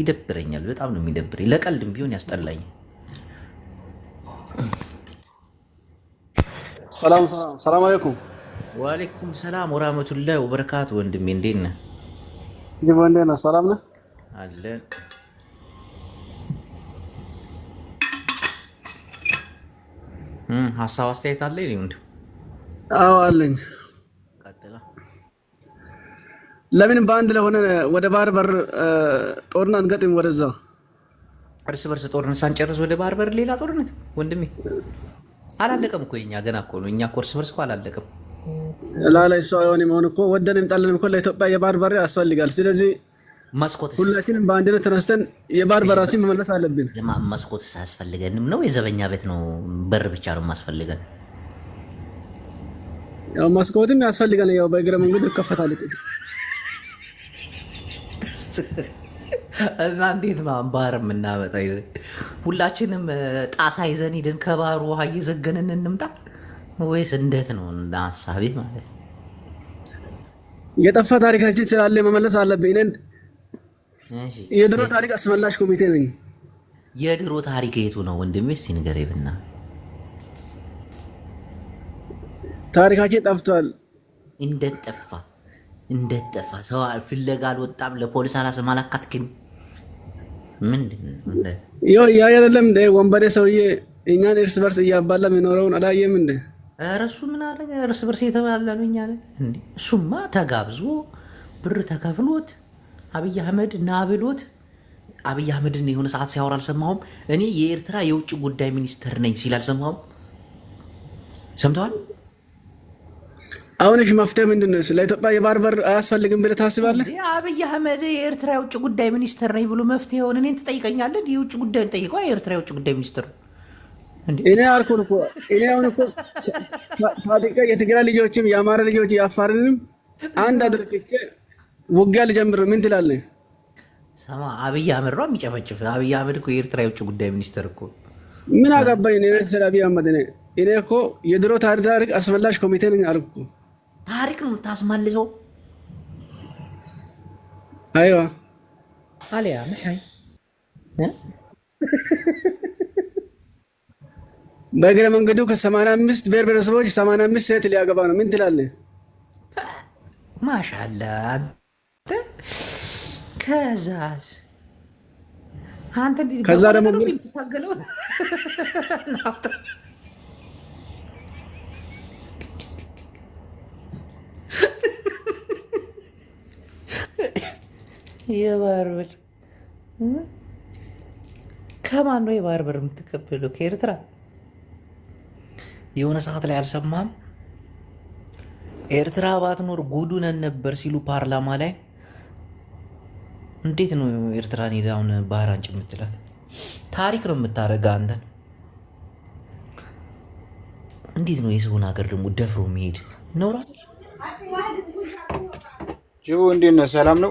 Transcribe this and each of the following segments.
ይደብረኛል። በጣም ነው የሚደብረኝ። ለቀልድም ቢሆን ያስጠላኝ። ሰላም አለይኩም። ወአለይኩም ሰላም ወራህመቱላሂ ወበረካቱ። ወንድሜ እንዴት ነህ? ጅቦ እንዴት ነህ? ሰላም ነህ? አለን ሀሳብ አስተያየት አለ? አዎ አለኝ። ለምን በአንድ ለሆነ ወደ ባህር በር ጦርነት አንገጥም? ወደዛ እርስ በርስ ጦርነት ሳንጨርስ ወደ ባህር በር ሌላ ጦርነት ወንድሜ፣ አላለቀም እኮ እኛ ገና እኮ ነው። እኛ እኮ እርስ በርስ እኮ አላለቀም። ላላይ ሰው የሆነ መሆን እኮ ወደንም ጠለንም እኮ ለኢትዮጵያ የባህር በር ያስፈልጋል። ስለዚህ መስኮት ሁላችንም በአንድነት ተነስተን የባህር በራሲ መመለስ አለብን። መስኮት ሳያስፈልገንም ነው የዘበኛ ቤት ነው በር ብቻ ነው ማስፈልገን። ያው መስኮትም ያስፈልገን፣ ያው በእግረ መንገድ ይከፈታል። እና እንዴት ነው አምባር የምናመጣ? ሁላችንም ጣሳ ይዘን ሄደን ከባህሩ ውሃ እየዘገንን እንምጣ ወይስ እንዴት ነው? እንደ ሀሳቤ ማለት የጠፋ ታሪካችን ስላለ መመለስ አለብኝ። ነን የድሮ ታሪክ አስመላሽ ኮሚቴ ነኝ። የድሮ ታሪክ የቱ ነው ወንድሜ? እስኪ ንገረኝ ብና ታሪካችን ጠፍቷል። እንደት ጠፋ? እንደጠፋ ሰው ፍለጋ አልወጣም። ለፖሊስ አላስም አላካትክም። ምንድን ያ አይደለም እንደ ወንበዴ ሰውዬ እኛን እርስ በርስ እያባላ የኖረውን አላየም እንደ ኧረ ምን አደረገ? እርስ በርስ የተባላ ነው እኛ እሱማ ተጋብዞ ብር ተከፍሎት አብይ አህመድ ና ብሎት አብይ አህመድን የሆነ ሰዓት ሲያወራ አልሰማሁም። እኔ የኤርትራ የውጭ ጉዳይ ሚኒስትር ነኝ ሲል አልሰማሁም። ሰምተዋል አሁንሽ መፍትሄ ምንድን ነው? ለኢትዮጵያ የባህር በር አያስፈልግም ብለህ ታስባለህ? አብይ አህመድ የኤርትራ የውጭ ጉዳይ ሚኒስትር ነኝ ብሎ መፍትሄ ሆን እኔን ትጠይቀኛለን? የውጭ ጉዳይን ጠይቀ የኤርትራ የውጭ ጉዳይ ሚኒስትር እኔ አልኩህ እኮ እኔ አሁን እኮ ታዲቀ የትግራይ ልጆችም የአማራ ልጆች ያፋርንም አንድ አድርግቼ ውጊያ ልጀምር ምን ትላለህ? ስማ አብይ አህመድ ነው የሚጨፈጭፍ። አብይ አህመድ እኮ የኤርትራ የውጭ ጉዳይ ሚኒስትር እኮ ምን አገባኝ ስለ አብይ አህመድ። እኔ እኔ እኮ የድሮ ታሪክ አስመላሽ ኮሚቴ ነኝ አልኩህ ታሪክ ነው ታስመልሰው። አይዋ አሊያ መሐይ በእግረ መንገዱ ከሰማንያ አምስት ብሔር ብሔረሰቦች ሰማንያ አምስት ሴት ሊያገባ ነው። ምን ትላለህ? ማሻላ ከዛስ አንተ ከዛ ደግሞ የባህር በር ከማን ነው የባህር ብር የምትቀበለው? ከኤርትራ? የሆነ ሰዓት ላይ አልሰማም? ኤርትራ ባትኖር ጉዱነን ነበር ሲሉ ፓርላማ ላይ። እንዴት ነው ኤርትራን ሄዳውን ባህር አንጭ የምትላት? ታሪክ ነው የምታደርገ አንተን። እንዴት ነው የሰውን ሀገር ደግሞ ደፍሮ መሄድ ነውራል? ጅቡ እንዴት ነህ? ሰላም ነው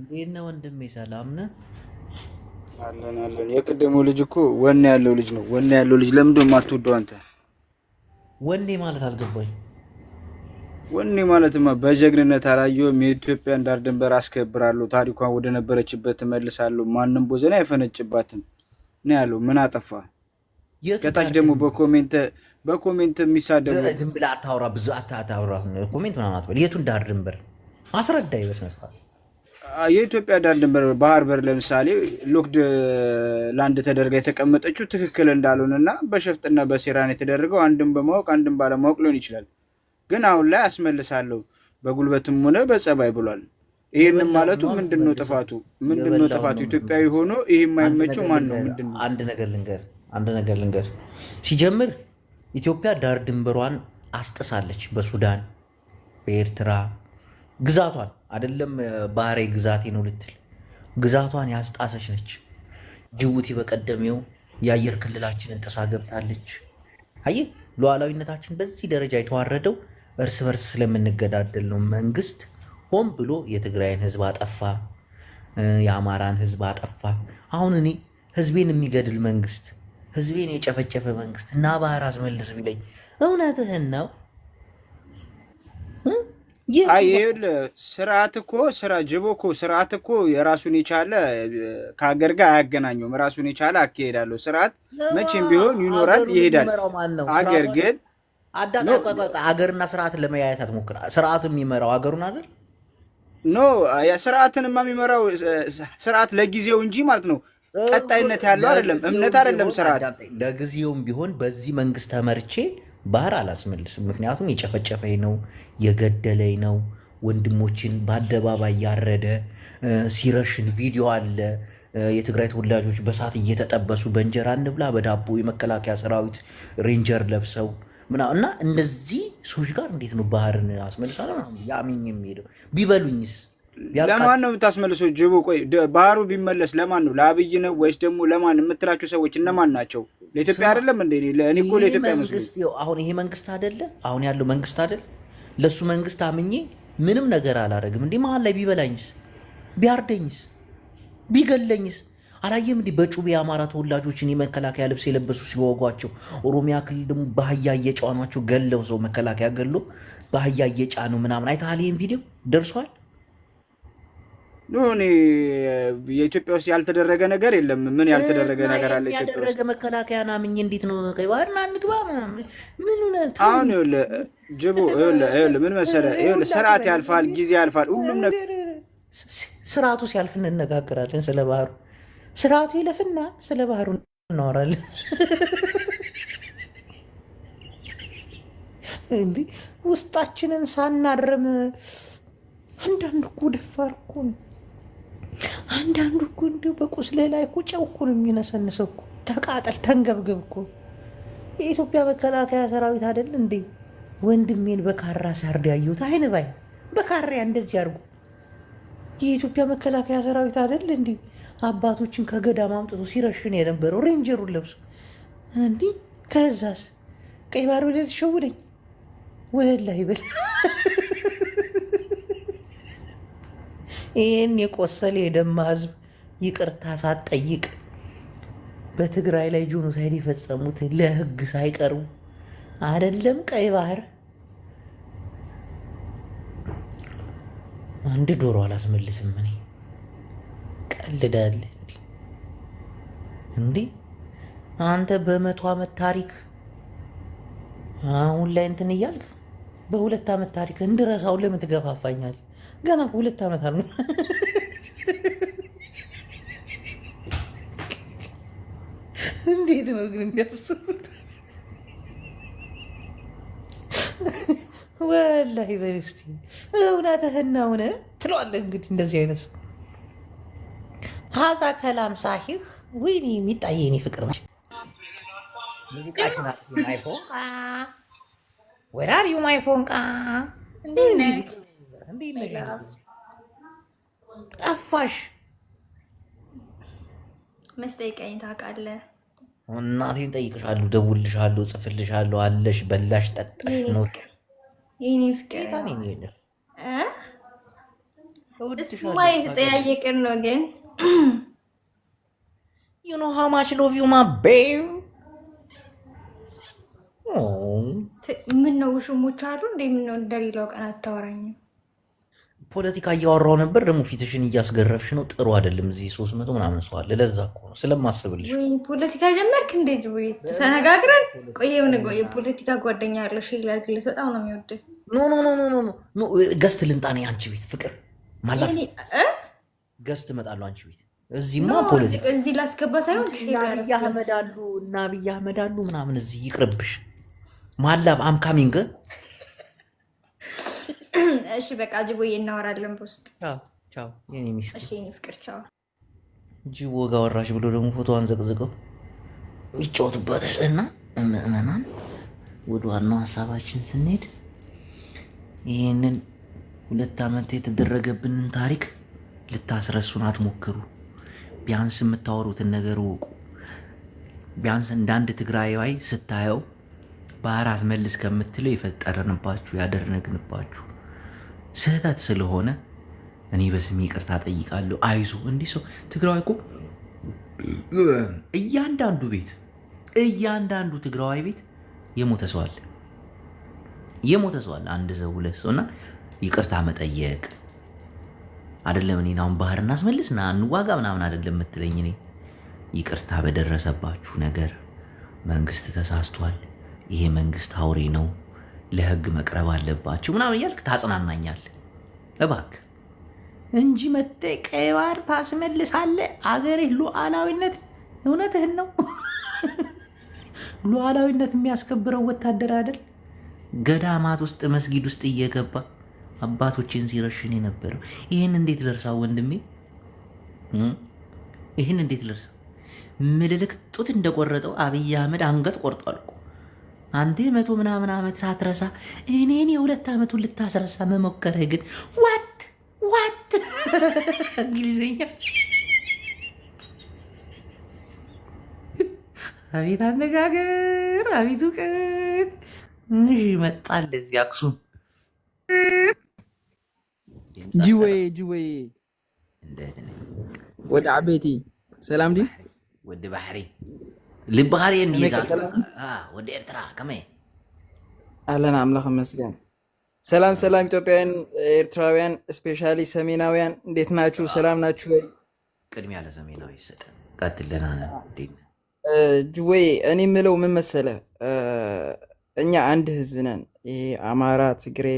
እንዴት ነው ወንድሜ? ሰላም ነህ? አለን አለን። የቅድሙ ልጅ እኮ ወኔ ያለው ልጅ ነው። ወኔ ያለው ልጅ ለምንድን የማትወደው አንተ? ወኔ ማለት አልገባኝ። ወኔ ማለትማ በጀግንነት አላየሁም። የኢትዮጵያን እንዳር ድንበር አስከብራለሁ፣ ታሪኳን ወደ ነበረችበት እመልሳለሁ፣ ማንም ቦዘኔ አይፈነጭባትም ነው ያለው። ምን አጠፋ? ከታች ደግሞ በኮሜንት በኮሜንት የሚሳደቡ ዝም ብለህ አታውራ፣ ብዙ አታውራ፣ ኮሜንት ምናምን አትበል። የቱን ዳር ድንበር አስረዳኝ በስነ ስርዓት የኢትዮጵያ ዳር ድንበር ባህር በር ለምሳሌ ሎክድ ላንድ ተደርጋ የተቀመጠችው ትክክል እንዳልሆነ እና በሸፍጥና በሴራን የተደረገው አንድም በማወቅ አንድም ባለማወቅ ሊሆን ይችላል። ግን አሁን ላይ አስመልሳለሁ በጉልበትም ሆነ በጸባይ ብሏል። ይህንም ማለቱ ምንድነው ጥፋቱ? ምንድነው ጥፋቱ? ኢትዮጵያዊ ሆኖ ይህ የማይመቸው ማን ነው? ምንድነው? አንድ ነገር ልንገር፣ አንድ ነገር ልንገር። ሲጀምር ኢትዮጵያ ዳር ድንበሯን አስጥሳለች። በሱዳን፣ በኤርትራ ግዛቷን አይደለም ባህሬ ግዛቴ ነው ልትል ግዛቷን ያስጣሰች ነች። ጅቡቲ በቀደሜው የአየር ክልላችንን ጥሳ ገብታለች። አየህ፣ ሉዓላዊነታችን በዚህ ደረጃ የተዋረደው እርስ በርስ ስለምንገዳደል ነው። መንግስት ሆን ብሎ የትግራይን ህዝብ አጠፋ፣ የአማራን ህዝብ አጠፋ። አሁን እኔ ህዝቤን የሚገድል መንግስት፣ ህዝቤን የጨፈጨፈ መንግስት እና ባህር አስመልስ ቢለኝ እውነትህን ነው ስርዓት እኮ ስራ ጅቦ እኮ ስርዓት እኮ የራሱን የቻለ ከሀገር ጋር አያገናኘውም። ራሱን የቻለ አካሄዳለሁ። ስርዓት መቼም ቢሆን ይኖራል፣ ይሄዳል። ሀገር ግን ሀገርና ስርዓትን ለመያየት አትሞክር። ስርዓቱ የሚመራው ሀገሩን አገር ኖ ስርዓትንማ የሚመራው ስርዓት ለጊዜው እንጂ ማለት ነው ቀጣይነት ያለው አይደለም። እምነት አይደለም ስርዓት ለጊዜውም ቢሆን በዚህ መንግስት ተመርቼ ባህር አላስመልስም። ምክንያቱም የጨፈጨፈኝ ነው የገደለኝ ነው ወንድሞችን በአደባባይ ያረደ ሲረሽን ቪዲዮ አለ። የትግራይ ተወላጆች በሳት እየተጠበሱ በእንጀራ እንብላ በዳቦ የመከላከያ ሰራዊት ሬንጀር ለብሰው ምና እና እንደዚህ ሰዎች ጋር እንዴት ነው ባህርን አስመልሳለ ያሚኝ የሚሄደው ቢበሉኝስ? ለማን ነው የምታስመልሰው? ጅቡ ቆይ ባህሩ ቢመለስ ለማን ነው? ለአብይ ነው ወይስ ደግሞ ለማን የምትላቸው ሰዎች እነማን ናቸው? ለኢትዮጵያ አይደለም እንደ እኔ እኮ ለኢትዮጵያ መንግስት፣ አሁን ይሄ መንግስት አይደለ አሁን ያለው መንግስት አይደል? ለእሱ መንግስት አምኜ ምንም ነገር አላደረግም። እንዲህ መሀል ላይ ቢበላኝስ፣ ቢያርደኝስ፣ ቢገለኝስ አላየም እንዲህ በጩቤ የአማራ ተወላጆችን የመከላከያ ልብስ የለበሱ ሲወጓቸው፣ ኦሮሚያ ክልል ደግሞ በአህያ እየጫኗቸው ገለው ሰው መከላከያ ገሎ በአህያ እየጫኑ ምናምን አይተሃል? ይህን ቪዲዮ ደርሷል ሆኔ የኢትዮጵያ ውስጥ ያልተደረገ ነገር የለም። ምን ያልተደረገ ነገር አለ? ያደረገ መከላከያ ናምኝ እንዴት ነው ከባህርና እንግባ ምን አሁን ጅቡ ምን መሰለህ፣ ስርዓት ያልፋል፣ ጊዜ ያልፋል። ሁሉም ስርዓቱ ሲያልፍ እንነጋገራለን። ስለ ባህሩ ስርዓቱ ይለፍና ስለ ባህሩ እናወራለን። እንዲህ ውስጣችንን ሳናርም አንዳንድ እኮ ደፋር እኮ ነው። አንዳንዱ እኮ እንደው በቁስሌ ላይ እኮ ጨው እኮ ነው የሚነሰንሰው እኮ ተቃጠል ተንገብግብ እኮ የኢትዮጵያ መከላከያ ሰራዊት አይደል እንዴ? ወንድሜን በካራ ሳርድ ያየሁት አይን ባይ በካሪያ እንደዚህ አድርጎ የኢትዮጵያ መከላከያ ሰራዊት አይደል እንዴ? አባቶችን ከገዳም አምጥቶ ሲረሽን የነበረው ሬንጀሩን ለብሶ እንዲህ ከዛስ ቀይ ባር ብለህ ልትሸውደኝ ወላ ይበል ይህን የቆሰለ የደማ ህዝብ ይቅርታ ሳትጠይቅ በትግራይ ላይ ጆኖሳይድ የፈጸሙት ለህግ ሳይቀርቡ አይደለም ቀይ ባህር አንድ ዶሮ አላስመልስም። እኔ ቀልዳለ እንዲህ አንተ በመቶ ዓመት ታሪክ አሁን ላይ እንትን እያልክ በሁለት ዓመት ታሪክ እንድረሳው ለምን ትገፋፋኛል? ገና ሁለት ዓመት አሉ። እንዴት ነው ግን የሚያስቡት? ወላሂ በል እስኪ እውነትህን ሆነ ትለዋለህ። እንግዲህ እንደዚህ አይነት ሰው ሀዛ ከላም ሳሂህ ወይኔ የሚጣየ ፍቅር ማሽ ሙዚቃሽን ወራር ዩ ማይ ቃ እንዴ ነገር ጠፋሽ? መች ጠይቀኝ ታውቃለህ? እናቴን ጠይቅሻለሁ፣ ደውልልሻለሁ፣ ጽፍልሻለሁ፣ አለሽ፣ በላሽ፣ ጠጣሽ፣ ኖርሽ። ይህኔ ፍቅር እሱማ የተጠያየቅን ነው ግን ዩ ኖ ሃው ማች ሎቭ ዩ ማ ቤብ ምነው ውሽሞች አሉ እንደ ምነው እንደሌላው ቀን አታወራኝም? ፖለቲካ እያወራው ነበር። ደግሞ ፊትሽን እያስገረፍሽ ነው። ጥሩ አይደለም። እዚህ ሶስት መቶ ምናምን ሰዋለ። ለዛ እኮ ነው ስለማስብልሽ። ፖለቲካ ጀመርክ እንደ ተነጋግረን ቆየ። የሆነ የፖለቲካ ጓደኛ ያለው ሽላል ያድርግልህ። በጣም ነው የሚወደው። ኖ ኖ ኖ ኖ ኖ ኖ ገስት ልንጣኔ አንቺ ቤት ፍቅር ማላፍ ገስት እመጣለሁ አንቺ ቤት። እዚህማ ፖለቲካ እዚህ ላስገባ ሳይሆን አብይ አህመድ አሉ እና አብይ አህመድ አሉ ምናምን እዚህ ይቅርብሽ። ማላፍ አምካሚንግ እሺ በቃ ጅቦዬ እናወራለን በውስጥ። ቻው የኔ ፍቅር ቻው። ጅቦ ጋ ወራሽ ብሎ ደግሞ ፎቶዋን ዘቅዝቀው ይጫወቱበት እና ምእመናን፣ ወደ ዋናው ሀሳባችን ስንሄድ ይህንን ሁለት ዓመት የተደረገብንን ታሪክ ልታስረሱን አትሞክሩ። ቢያንስ የምታወሩትን ነገር ወቁ። ቢያንስ እንደ አንድ ትግራዋይ ስታየው ባህር አስመልስ ከምትለው የፈጠረንባችሁ ያደረግንባችሁ ስህተት ስለሆነ እኔ በስሜ ይቅርታ ጠይቃለሁ። አይዞ እንዲህ ሰው ትግራዋይ እኮ እያንዳንዱ ቤት እያንዳንዱ ትግራዋይ ቤት የሞተ ሰው አለ፣ የሞተ ሰው አለ። አንድ ሰው ሁለት ሰው እና ይቅርታ መጠየቅ አይደለም። እኔን አሁን ባህር እናስመልስ ና እንዋጋ ምናምን አይደለም የምትለኝ እኔ ይቅርታ በደረሰባችሁ ነገር መንግስት ተሳስቷል፣ ይሄ መንግስት አውሬ ነው ለህግ መቅረብ አለባቸው ምናምን እያልክ ታጽናናኛል እባክ እንጂ መጤ ቀይ ባህር ታስመልሳለህ። አገርህ ሉዓላዊነት፣ እውነትህን ነው። ሉዓላዊነት የሚያስከብረው ወታደር አይደል? ገዳማት ውስጥ መስጊድ ውስጥ እየገባ አባቶችን ሲረሽን የነበረው ይህን እንዴት ደርሳው ወንድሜ፣ ይህን እንዴት ደርሳው? ምልልክ ጡት እንደቆረጠው አብይ አህመድ አንገት ቆርጧል እኮ አንተ መቶ ምናምን ዓመት ሳትረሳ እኔን የሁለት ዓመቱን ልታስረሳ መሞከርህ ግን ዋት ዋት እንግሊዝኛ አቤት አነጋገር አቤት እውቀት እሺ መጣ እንደዚህ አክሱም ጅወይ ጅወይ እንደት ወደ አቤቲ ሰላም ወደ ባህሪ ልባህሪ እንዲይዛት ወደ ኤርትራ ከመይ አለን አምላክ መስገን። ሰላም ሰላም፣ ኢትዮጵያውያን ኤርትራውያን፣ ስፔሻሊ ሰሜናውያን እንዴት ናችሁ? ሰላም ናችሁ ወይ? ቅድሚያ ለሰሜናዊ ይሰጥ። ቀጥልና ወይ እኔ የምለው ምን መሰለ እኛ አንድ ህዝብ ነን። ይሄ አማራ፣ ትግሬ፣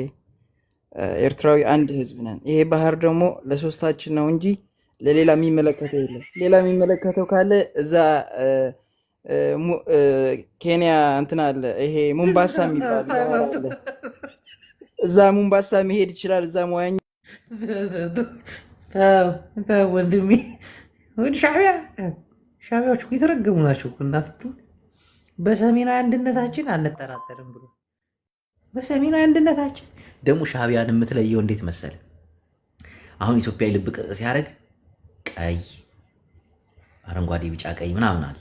ኤርትራዊ አንድ ህዝብ ነን። ይሄ ባህር ደግሞ ለሶስታችን ነው እንጂ ለሌላ የሚመለከተው የለም። ሌላ የሚመለከተው ካለ እዛ ኬንያ እንትን አለ ይሄ ሙምባሳ የሚባል እዛ ሙምባሳ መሄድ ይችላል። እዛ መዋኛ ወንድሜ ሻቢያ ሻቢያዎች የተረገሙ ናቸው። እናፍቱ በሰሜናዊ አንድነታችን አንጠራጠርም ብሎ በሰሜናዊ አንድነታችን ደግሞ ሻቢያን የምትለየው እንዴት መሰለ? አሁን ኢትዮጵያ ልብ ቅርጽ ሲያደርግ ቀይ፣ አረንጓዴ፣ ቢጫ፣ ቀይ ምናምን አለ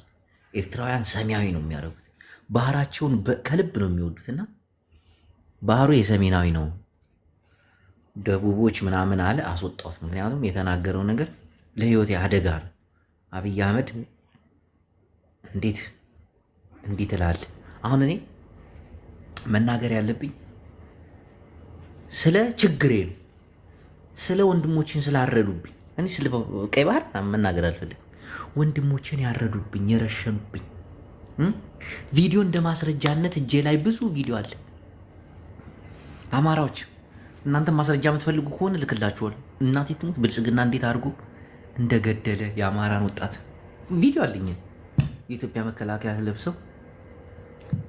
ኤርትራውያን ሰማያዊ ነው የሚያደርጉት። ባህራቸውን ከልብ ነው የሚወዱትና ባህሩ የሰሜናዊ ነው ደቡቦች ምናምን አለ አስወጣሁት። ምክንያቱም የተናገረው ነገር ለህይወቴ አደጋ ነው። አብይ አህመድ እንዴት እንዲህ ትላለህ? አሁን እኔ መናገር ያለብኝ ስለ ችግሬ ነው፣ ስለ ወንድሞችን ስላረዱብኝ። እኔ ስለ ቀይ ባህር መናገር አልፈልግም። ወንድሞችን ያረዱብኝ የረሸኑብኝ ቪዲዮ እንደ ማስረጃነት እጄ ላይ ብዙ ቪዲዮ አለ። አማራዎች እናንተ ማስረጃ የምትፈልጉ ከሆነ ልክላችኋል። እናቴ ትሙት ብልጽግና እንዴት አድርጎ እንደገደለ የአማራን ወጣት ቪዲዮ አለኝ። የኢትዮጵያ መከላከያ ለብሰው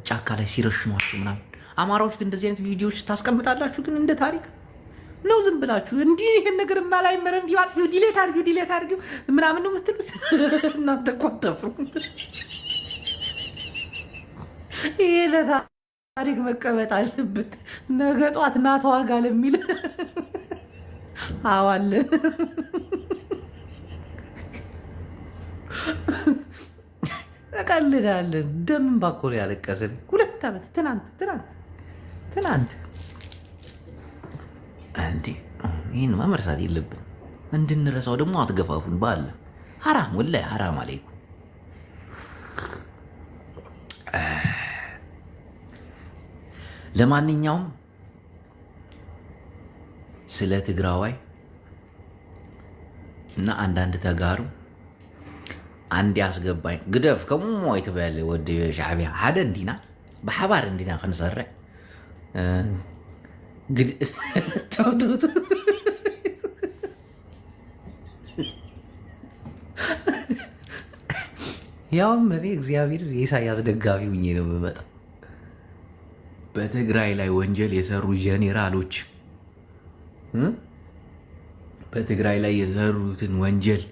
ጫካ ላይ ሲረሽኗቸው ምናምን። አማራዎች ግን እንደዚህ አይነት ቪዲዮዎች ታስቀምጣላችሁ ግን እንደ ታሪክ ነው ዝም ብላችሁ እንዲ ይሄን ነገር ማላይ መረ እንዲ አጥፊው ዲሌት አድርጊው ዲሌት አድርጊው ምናምን ነው የምትሉት። እናንተ እኮ አታፍሩ። ይሄ ለታሪክ መቀመጥ አለበት። ነገ ጧት ና ተዋጋ ለሚል አዋለን እቀልዳለን። ደምን ባኮ ያለቀስን ሁለት ዓመት ትናንት ትናንት ትናንት እንዴ ይህን መርሳት የለብን። እንድንረሳው ደግሞ አትገፋፉን። ባለ ሀራም ወላሂ ሀራም አለይኩ ለማንኛውም ስለ ትግራዋይ እና አንዳንድ ተጋሩ አንድ ያስገባኝ ግደፍ ከሞ ይትበል ወዲ ሻዕቢያ ሓደ እንዲና ብሓባር እንዲና ክንሰርዕ ያውም እኔ እግዚአብሔር የኢሳያስ ደጋፊ ሁኜ ነው የምመጣው። በትግራይ ላይ ወንጀል የሰሩ ጄኔራሎች በትግራይ ላይ የሰሩትን ወንጀል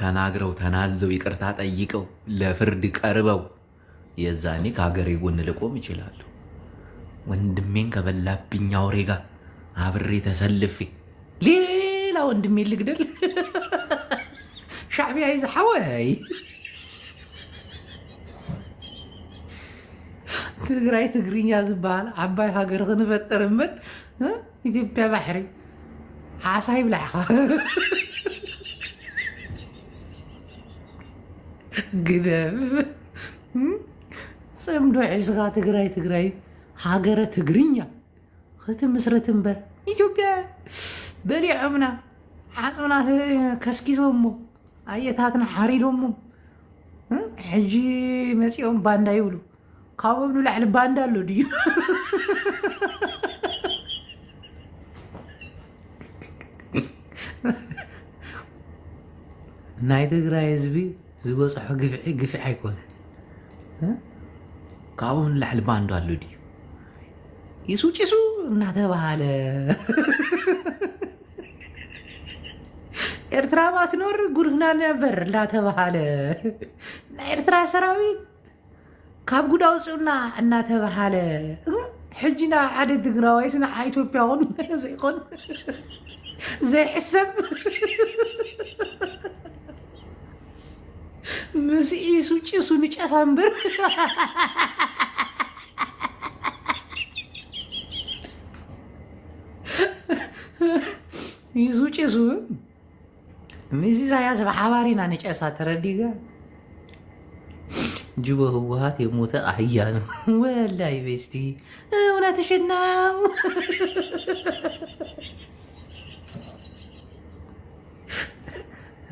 ተናግረው ተናዘው ይቅርታ ጠይቀው ለፍርድ ቀርበው የዛኔ ከሀገሬ ጎን ልቆም ይችላሉ። ወንድሜን ከበላብኝ አውሬ ጋር አብሬ ተሰልፌ ሌላ ወንድሜን ልግደል? ሻዕቢያ ሓወይ ትግራይ ትግርኛ ዝበሃል ዓባይ ሃገር ክንፈጥር እምበር ኢትዮጵያ ባሕሪ ዓሳ ይብላዕኻ ግደብ ፅምዶ ሒዝኻ ትግራይ ትግራይ ሀገረ ትግርኛ ክትም ምስረት እምበር ኢትዮጵያ በሊዐምና ዓፅና ከስኪሶሞ ኣየታትና ሓሪዶሞ ሕጂ መፂኦም ባንዳ ይብሉ ካብኦም ንላዕሊ ባንዳ ኣሎ ድዩ ናይ ትግራይ ህዝቢ ዝበፅሖ ግፍዒ ግፍዒ ኣይኮነ ካብኦም ንላዕሊ ባንዳ ኣሎ ድዩ ይሱ ጭሱ እናተባለ ኤርትራ ባትኖር ጉድፍና ነበር እናተባሃለ እና ኤርትራ ሰራዊት ካብ ጉዳ ውፅኡና እናተባሃለ ሕጂና ሓደ ትግራዋይስ ንዓ ኢትዮጵያ ኹን ዘይኮን ዘይሕሰብ ምስ ኢሱ ጭሱ ንጨሳ እምበር ይዙ ጭሱ ሚዚ ኢሳያስ ብሓባሪና ንጨሳ ተረዲጋ ጅቦ ህወሓት የሞተ አህያ ነው። ወላይ ቤስቲ እውነትሽን ነው።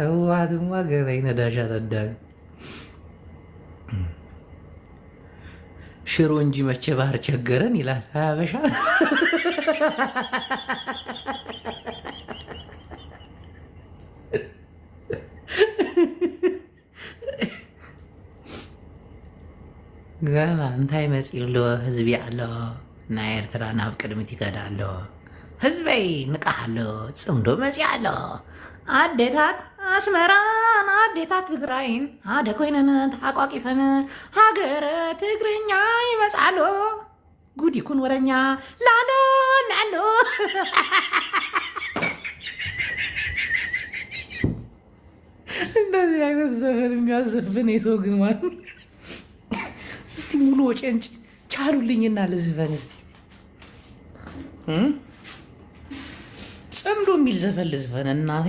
ህወሓትማ ገና ተዳሚ ሽሮ እንጂ መቼ ባህር ቸገረን ይላል ሀበሻ ረባ እንታይ መፂኡ ኣሎ ህዝቢ ኣሎ ናይ ኤርትራ ናብ ቅድሚት ይከዳ ኣሎ ህዝበይ ንቃሕ ኣሎ ፅምዶ መፂ ኣሎ ኣዴታት ኣስመራን ኣዴታት ትግራይን ሓደ ኮይነን ተሓቋቂፈን ሃገረ ትግርኛ ይመፅዓሎ ጉድ ይኩን ወረኛ ላሎ ንዓሎ እንደዚህ አይነት ዘፈን የሚያዘፍን የሰው ግን ማለት ሙሉ ጨንጭ ቻሉልኝና ልዝፈን እስኪ ጽምዶ የሚል ዘፈን ልዝፈን እናቴ።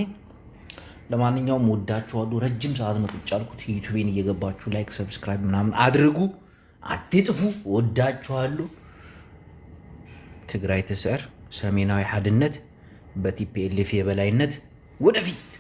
ለማንኛውም ወዳችኋሉ። ረጅም ሰዓት ነው ቁጭ ያልኩት። ዩቱቤን እየገባችሁ ላይክ፣ ሰብስክራይብ ምናምን አድርጉ፣ አትጥፉ። ወዳችኋሉ። ትግራይ ትስዕር፣ ሰሜናዊ ሓድነት በቲፒኤልኤፍ የበላይነት ወደፊት